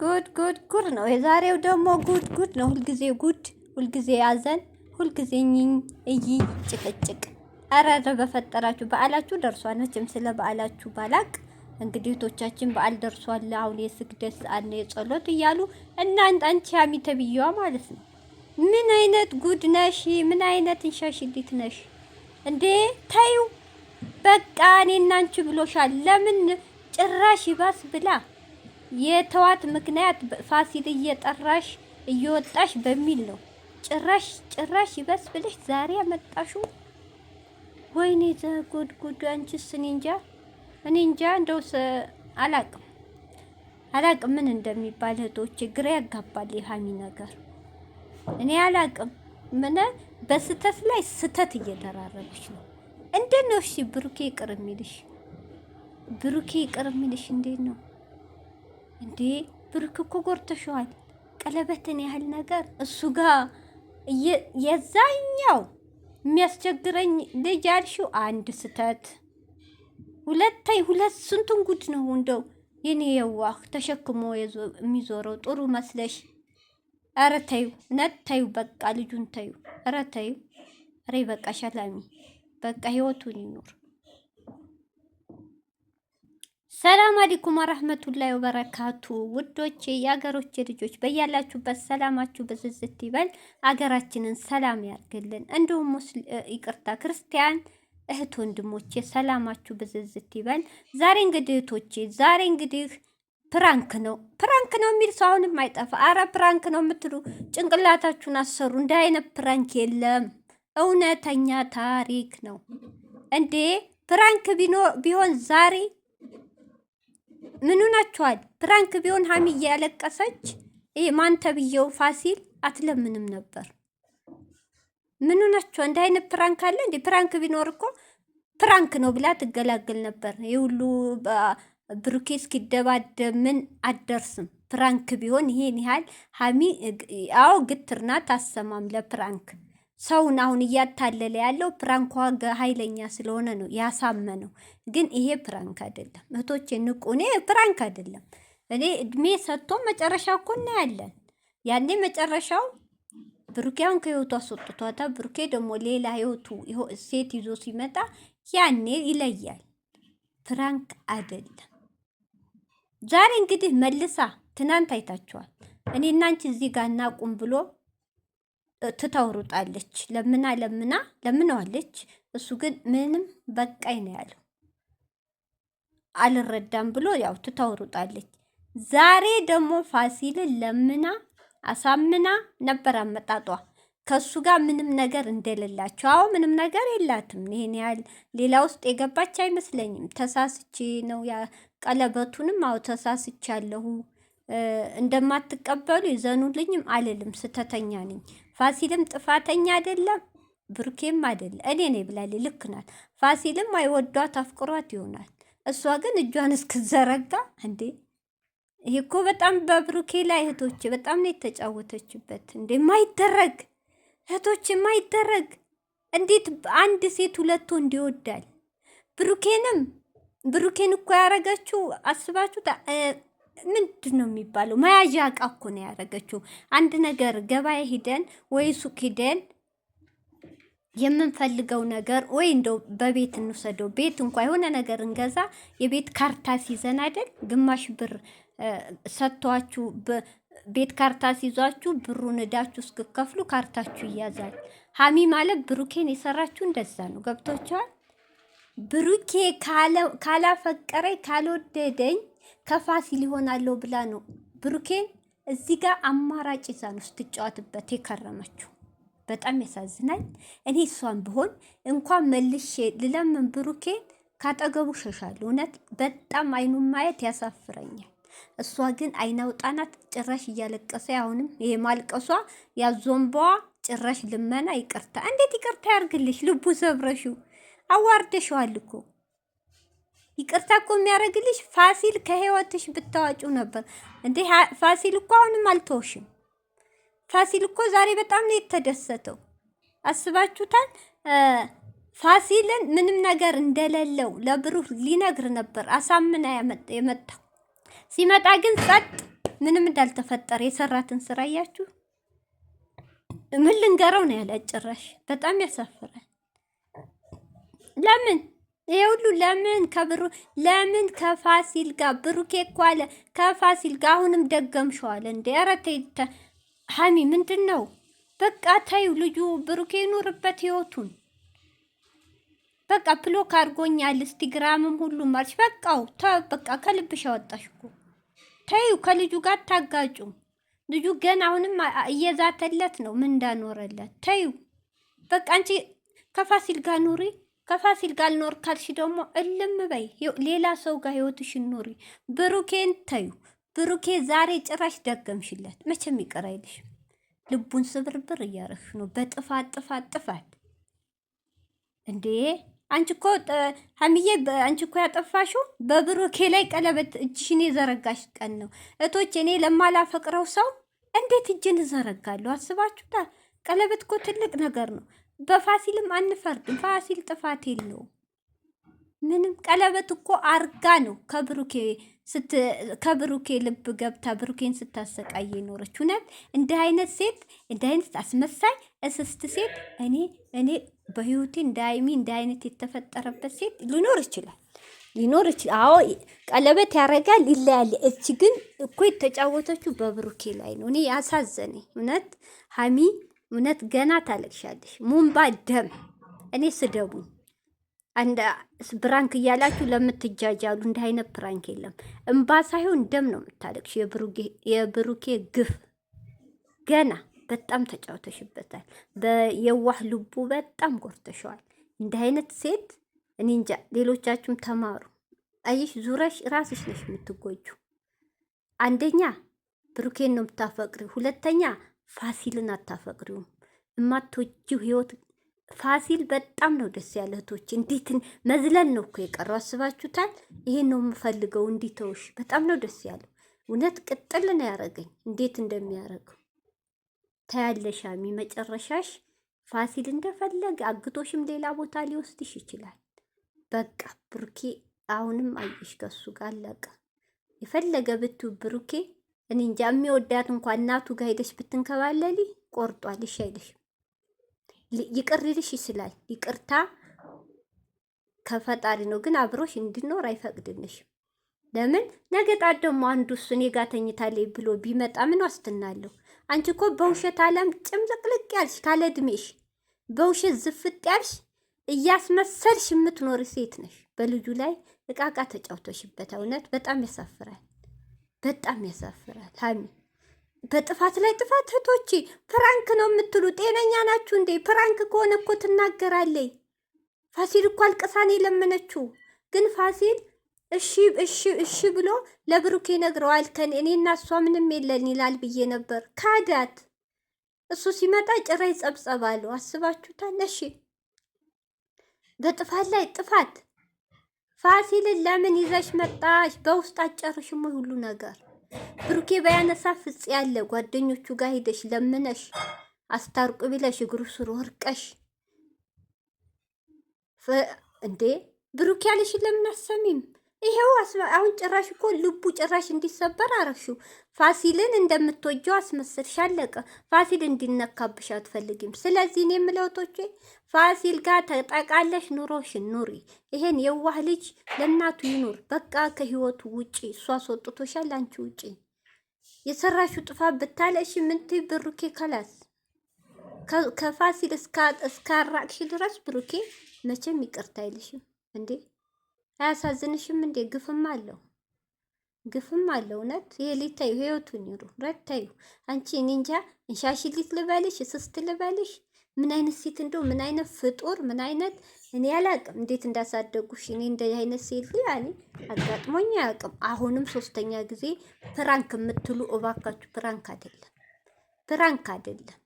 ጉድ ጉድ ጉድ ነው የዛሬው ደግሞ ጉድ ጉድ ነው። ሁልጊዜ ጉድ፣ ሁልጊዜ ያዘን፣ ሁልጊዜ እኝኝ እይ ጭቅጭቅ። ኧረ በፈጠራችሁ በዓላችሁ ደርሷል። መቼም ስለ በዓላችሁ ባላቅ እንግዲህ እህቶቻችን በዓል ደርሷል፣ አሁን የስግደት ሰዓት ነው የጸሎት እያሉ እናንተ አንቺ ያሚ ተብዬዋ ማለት ነው። ምን አይነት ጉድ ነሽ? ምን አይነት እንሻሽሊት ነሽ እንዴ? ተይው በቃ እኔ እናንቺ ብሎሻል። ለምን ጭራሽ ይባስ ብላ የተዋት ምክንያት ፋሲል እየጠራሽ እየወጣሽ በሚል ነው። ጭራሽ ጭራሽ ይበስ ብልሽ ዛሬ ያመጣሹ። ወይኔ ዘጉድጉድ! አንቺስ እኔ እንጃ እኔ እንጃ እንደው አላቅም አላቅም ምን እንደሚባል እህቶቼ፣ ግራ ያጋባል የሀሚ ነገር። እኔ አላቅም ምን በስተት ላይ ስተት እየደራረበች ነው። እንዴት ነው እሺ? ብሩኬ ይቅር የሚልሽ ብሩኬ ይቅር የሚልሽ እንዴት ነው? እንዴ ብሩክ እኮ ጎርተሸዋል። ቀለበትን ያህል ነገር እሱ ጋር የዛኛው የሚያስቸግረኝ ልጅ ያልሽው አንድ ስተት ሁለታይ ሁለት ስንቱን ጉድ ነው እንደው የኔ የዋህ ተሸክሞ የሚዞረው ጥሩ መስለሽ? ኧረ ተይው ነት ተይው፣ በቃ ልጁን ተይው። ኧረ ተይው፣ ኧረ በቃ አሚ በቃ ህይወቱን ይኑር። ሰላም አለይኩም ወራህመቱላሂ ወበረካቱ ውዶች የአገሮች ልጆች በያላችሁበት ሰላማችሁ ብዝዝት ይበል። አገራችንን ሰላም ያርግልን። እንዲሁም ይቅርታ ክርስቲያን እህት ወንድሞቼ ሰላማችሁ ብዝዝት ይበል። ዛሬ እንግዲህ እህቶቼ ዛሬ እንግዲህ ፕራንክ ነው ፕራንክ ነው የሚል ሰው አሁንም አይጠፋ። አረ ፕራንክ ነው የምትሉ ጭንቅላታችሁን አሰሩ። እንደ አይነት ፕራንክ የለም፣ እውነተኛ ታሪክ ነው እንዴ! ፕራንክ ቢሆን ዛሬ ምኑ ናቸዋል? ፕራንክ ቢሆን ሀሚ ያለቀሰች ይሄ ማን ተብዬው ፋሲል አትለምንም ነበር። ምኑ ናቸው? እንደ አይነት ፕራንክ አለ እንዴ? ፕራንክ ቢኖር እኮ ፕራንክ ነው ብላ ትገላገል ነበር። ይህ ሁሉ ብሩኬ እስኪደባደብ ምን አደርስም። ፕራንክ ቢሆን ይሄን ያህል ሀሚ፣ አዎ ግትርና ታሰማም ለፕራንክ ሰውን አሁን እያታለለ ያለው ፕራንኳ ኃይለኛ ስለሆነ ነው ያሳመነው። ግን ይሄ ፕራንክ አይደለም እህቶቼ ንቁ። እኔ ፕራንክ አይደለም እኔ እድሜ ሰጥቶ መጨረሻ እኮ እናያለን። ያኔ መጨረሻው ብሩኬያን ከህይወቱ አስወጥቷታ፣ ብሩኬ ደግሞ ሌላ ህይወቱ ሴት ይዞ ሲመጣ ያኔ ይለያል። ፕራንክ አይደለም። ዛሬ እንግዲህ መልሳ ትናንት አይታችኋል። እኔ እናንቺ እዚህ ጋር እናቁም ብሎ ትተውሩጣለች ለምና ለምና ለምነዋለች። እሱ ግን ምንም በቃኝ ነው ያለው። አልረዳም ብሎ ያው ትተውሩጣለች። ዛሬ ደግሞ ፋሲልን ለምና አሳምና ነበር አመጣጧ ከሱ ጋር ምንም ነገር እንደሌላቸው። አዎ ምንም ነገር የላትም። ይሄን ያህል ሌላ ውስጥ የገባች አይመስለኝም። ተሳስቼ ነው ቀለበቱንም፣ አዎ ተሳስቻለሁ እንደማትቀበሉ ይዘኑልኝም አልልም። ስተተኛ ነኝ። ፋሲልም ጥፋተኛ አይደለም፣ ብሩኬም አይደለም። እኔ ነኝ ብላለች። ልክ ናት። ፋሲልም አይወዷት አፍቅሯት ይሆናል። እሷ ግን እጇን እስክዘረጋ እንዴ! ይሄ እኮ በጣም በብሩኬ ላይ እህቶች በጣም ነው የተጫወተችበት። እንዴ ማይደረግ እህቶች ማይደረግ እንዴት አንድ ሴት ሁለት ወንድ ይወዳል? ብሩኬንም ብሩኬን እኮ ያረገችው አስባችሁ ምንድን ነው የሚባለው? መያዣ እቃ እኮ ነው ያደረገችው። አንድ ነገር ገበያ ሂደን ወይ ሱቅ ሂደን የምንፈልገው ነገር ወይ እንደው በቤት እንውሰደው፣ ቤት እንኳ የሆነ ነገር እንገዛ፣ የቤት ካርታ ሲይዘን አይደል ግማሽ ብር ሰጥቷችሁ ቤት ካርታ ሲይዟችሁ ብሩን እዳችሁ እስክከፍሉ ካርታችሁ ይያዛል። ሀሚ ማለት ብሩኬን የሰራችሁ እንደዛ ነው። ገብቶችዋል። ብሩኬ ካላፈቀረኝ ካልወደደኝ ከፋሲል ይሆናለሁ ብላ ነው ብሩኬን እዚህ ጋር አማራጭ ይዛ ውስጥ ስትጫወትበት የከረመችው። በጣም ያሳዝናል። እኔ እሷን ብሆን እንኳን መልሼ ልለምን ብሩኬን ካጠገቡ ሸሻል። እውነት በጣም አይኑን ማየት ያሳፍረኛል። እሷ ግን አይናውጣናት ጭራሽ እያለቀሰ አሁንም ይሄ ማልቀሷ ያዞንበዋ ጭራሽ ልመና ይቅርታ። እንዴት ይቅርታ ያርግልሽ? ልቡ ሰብረሽው አዋርደሽዋል እኮ ይቅርታ እኮ የሚያደርግልሽ ፋሲል ከህይወትሽ ብታዋጩ ነበር እንዴ። ፋሲል እኮ አሁንም አልተውሽም። ፋሲል እኮ ዛሬ በጣም ነው የተደሰተው። አስባችሁታል? ፋሲልን ምንም ነገር እንደሌለው ለብሩህ ሊነግር ነበር አሳምና የመጣው ሲመጣ ግን ጸጥ፣ ምንም እንዳልተፈጠረ የሰራትን ስራ እያችሁ ምን ልንገረው ነው ያለ ጭራሽ። በጣም ያሳፍራል። ለምን ይሄ ሁሉ ለምን ከብሩ ለምን ከፋሲል ጋር ብሩኬ እኮ አለ ከፋሲል ጋር አሁንም ደገምሸዋል እንዴ? ኧረ ተይ ሀሚ ምንድን ነው? በቃ ተይው፣ ልጁ ብሩኬ ይኖርበት ህይወቱን። በቃ ብሎክ አድርጎኛል ኢንስታግራምም ሁሉ ማርች በቃው ተ በቃ ከልብሽ አወጣሽ እኮ ተይው፣ ከልጁ ጋር ታጋጩ። ልጁ ገና አሁንም እየዛተለት ነው ምን እንዳኖረለት። ተይው በቃ አንቺ ከፋሲል ጋር ኑሪ። ከፋሲል ጋር ልኖር ካልሽ ደግሞ እልም በይ፣ ሌላ ሰው ጋር ህይወትሽን ኑሪ። ብሩኬን ተዩ። ብሩኬ ዛሬ ጭራሽ ደገምሽለት፣ መቼም ይቅር አይልሽ። ልቡን ስብርብር እያረግሽ ነው በጥፋት ጥፋት ጥፋት። እንዴ አንቺ እኮ ሀሚዬ፣ አንቺ እኮ ያጠፋሽው በብሩኬ ላይ ቀለበት እጅሽን የዘረጋሽ ቀን ነው። እቶች እኔ ለማላፈቅረው ሰው እንዴት እጅን እዘረጋለሁ? አስባችሁታል? ቀለበት እኮ ትልቅ ነገር ነው። በፋሲልም አንፈርድም። ፋሲል ጥፋት የለውም ምንም። ቀለበት እኮ አርጋ ነው ከብሩኬ ከብሩኬ ልብ ገብታ ብሩኬን ስታሰቃይ የኖረች እውነት። እንዲህ አይነት ሴት እንዲህ አይነት አስመሳይ እስስት ሴት እኔ እኔ በህይወቴ እንደ እንደ አይነት የተፈጠረበት ሴት ሊኖር ይችላል ሊኖር ይችላል። አዎ ቀለበት ያረጋል ይለያል። እች ግን እኮ የተጫወተችው በብሩኬ ላይ ነው። እኔ ያሳዘነኝ እውነት ሀሚ እውነት ገና ታለቅሻለሽ። ሙንባ ደም እኔ ስደቡ አንድ ብራንክ እያላችሁ ለምትጃጃሉ እንደ አይነት ብራንክ የለም። እምባ ሳይሆን ደም ነው የምታለቅሽ። የብሩኬ ግፍ ገና በጣም ተጫውተሽበታል። በየዋህ ልቡ በጣም ጎርተሸዋል። እንደ አይነት ሴት እኔ እንጃ። ሌሎቻችሁም ተማሩ። አይሽ ዙረሽ ራስሽ ነሽ የምትጎጁ። አንደኛ ብሩኬን ነው የምታፈቅሪ፣ ሁለተኛ ፋሲልን አታፈቅሪውም። እማትወጂው ህይወት ፋሲል በጣም ነው ደስ ያለ እህቶች፣ እንዴት መዝለል ነው እኮ የቀረው አስባችሁታል። ይሄን ነው የምፈልገው እንዲተውሽ። በጣም ነው ደስ ያለው እውነት ቅጥል ነው ያደረገኝ፣ እንዴት እንደሚያደርገው ታያለሽ። የሚመጨረሻሽ መጨረሻሽ ፋሲል እንደፈለገ አግቶሽም ሌላ ቦታ ሊወስድሽ ይችላል። በቃ ብሩኬ አሁንም አየሽ ከሱ ጋር አለቀ። የፈለገ ብቱ ብሩኬ እኔ እንጃ የሚወዳት እንኳን እናቱ ጋር ሄደሽ ብትንከባለሊ ቆርጧል። እሺ አይልሽም፣ ይቅር ይልሽ ይችላል። ይቅርታ ከፈጣሪ ነው፣ ግን አብሮሽ እንድኖር አይፈቅድልሽም። ለምን ነገ ጣት ደግሞ አንዱ እሱ እኔ ጋር ተኝታለች ብሎ ቢመጣ ምን ዋስትና አለው? አንቺ እኮ በውሸት ዓለም ጭምልቅልቅ ያልሽ ካለ እድሜሽ በውሸት ዝፍጥ ያልሽ እያስመሰልሽ የምትኖር ሴት ነሽ። በልጁ ላይ እቃቃ ተጫውቶሽበት እውነት በጣም ያሳፍራል። በጣም ያሳፍራል። ሀሚ በጥፋት ላይ ጥፋት። እህቶቼ ፕራንክ ነው የምትሉ ጤነኛ ናችሁ እንዴ? ፕራንክ ከሆነ እኮ ትናገራለይ። ፋሲል እኮ አልቅሳኔ ለመነችው፣ ግን ፋሲል እሺ እሺ እሺ ብሎ ለብሩክ ነግረዋል ከን እኔና እሷ ምንም የለን ይላል ብዬ ነበር። ካዳት እሱ ሲመጣ ጭራ ይጸብጸባሉ። አስባችሁታል? እሺ በጥፋት ላይ ጥፋት ፋሲልን ለምን ይዘሽ መጣሽ? በውስጥ አጨርሽም ሁሉ ነገር ብሩኬ ባያነሳ ፍጽ ያለ ጓደኞቹ ጋር ሄደሽ ለምነሽ አስታርቁ ቢለሽ እግሩ ስር ወርቀሽ እንዴ ብሩኬ ያለሽ ለምን አሰሚም ይሄው አሁን ጭራሽ እኮ ልቡ ጭራሽ እንዲሰበር አረግሽው። ፋሲልን እንደምትወጂው አስመስልሽ። አለቀ። ፋሲል እንዲነካብሽ አትፈልጊም። ስለዚህ እኔ የምለው ቶቼ ፋሲል ጋር ተጠቃለሽ ኑሮሽን ኑሪ። ይሄን የዋህ ልጅ ለእናቱ ይኑር። በቃ ከህይወቱ ውጪ። እሷ አስወጥቶሻል፣ አንቺ ውጪ። የሰራሽው ጥፋት ብታለሽ ምንት ብሩኬ ከላስ ከፋሲል እስካራቅሽ ድረስ ብሩኬ መቼም ይቅርታ አይልሽም እንዴ አያሳዝንሽም እንዴ? ግፍም አለው ግፍም አለው። እውነት ይሄ ሊታዩ ህይወቱን ይሩ ረታዩ አንቺ እኔ እንጃ እንሻሽሊት ልበልሽ፣ እስስት ልበልሽ። ምን አይነት ሴት እንደው ምን አይነት ፍጡር ምን አይነት እኔ አላቅም እንዴት እንዳሳደጉሽ። እኔ እንደ አይነት ሴት ያኔ አጋጥሞኝ አያውቅም። አሁንም ሶስተኛ ጊዜ ፕራንክ የምትሉ እባካችሁ፣ ፕራንክ አይደለም፣ ፕራንክ አይደለም።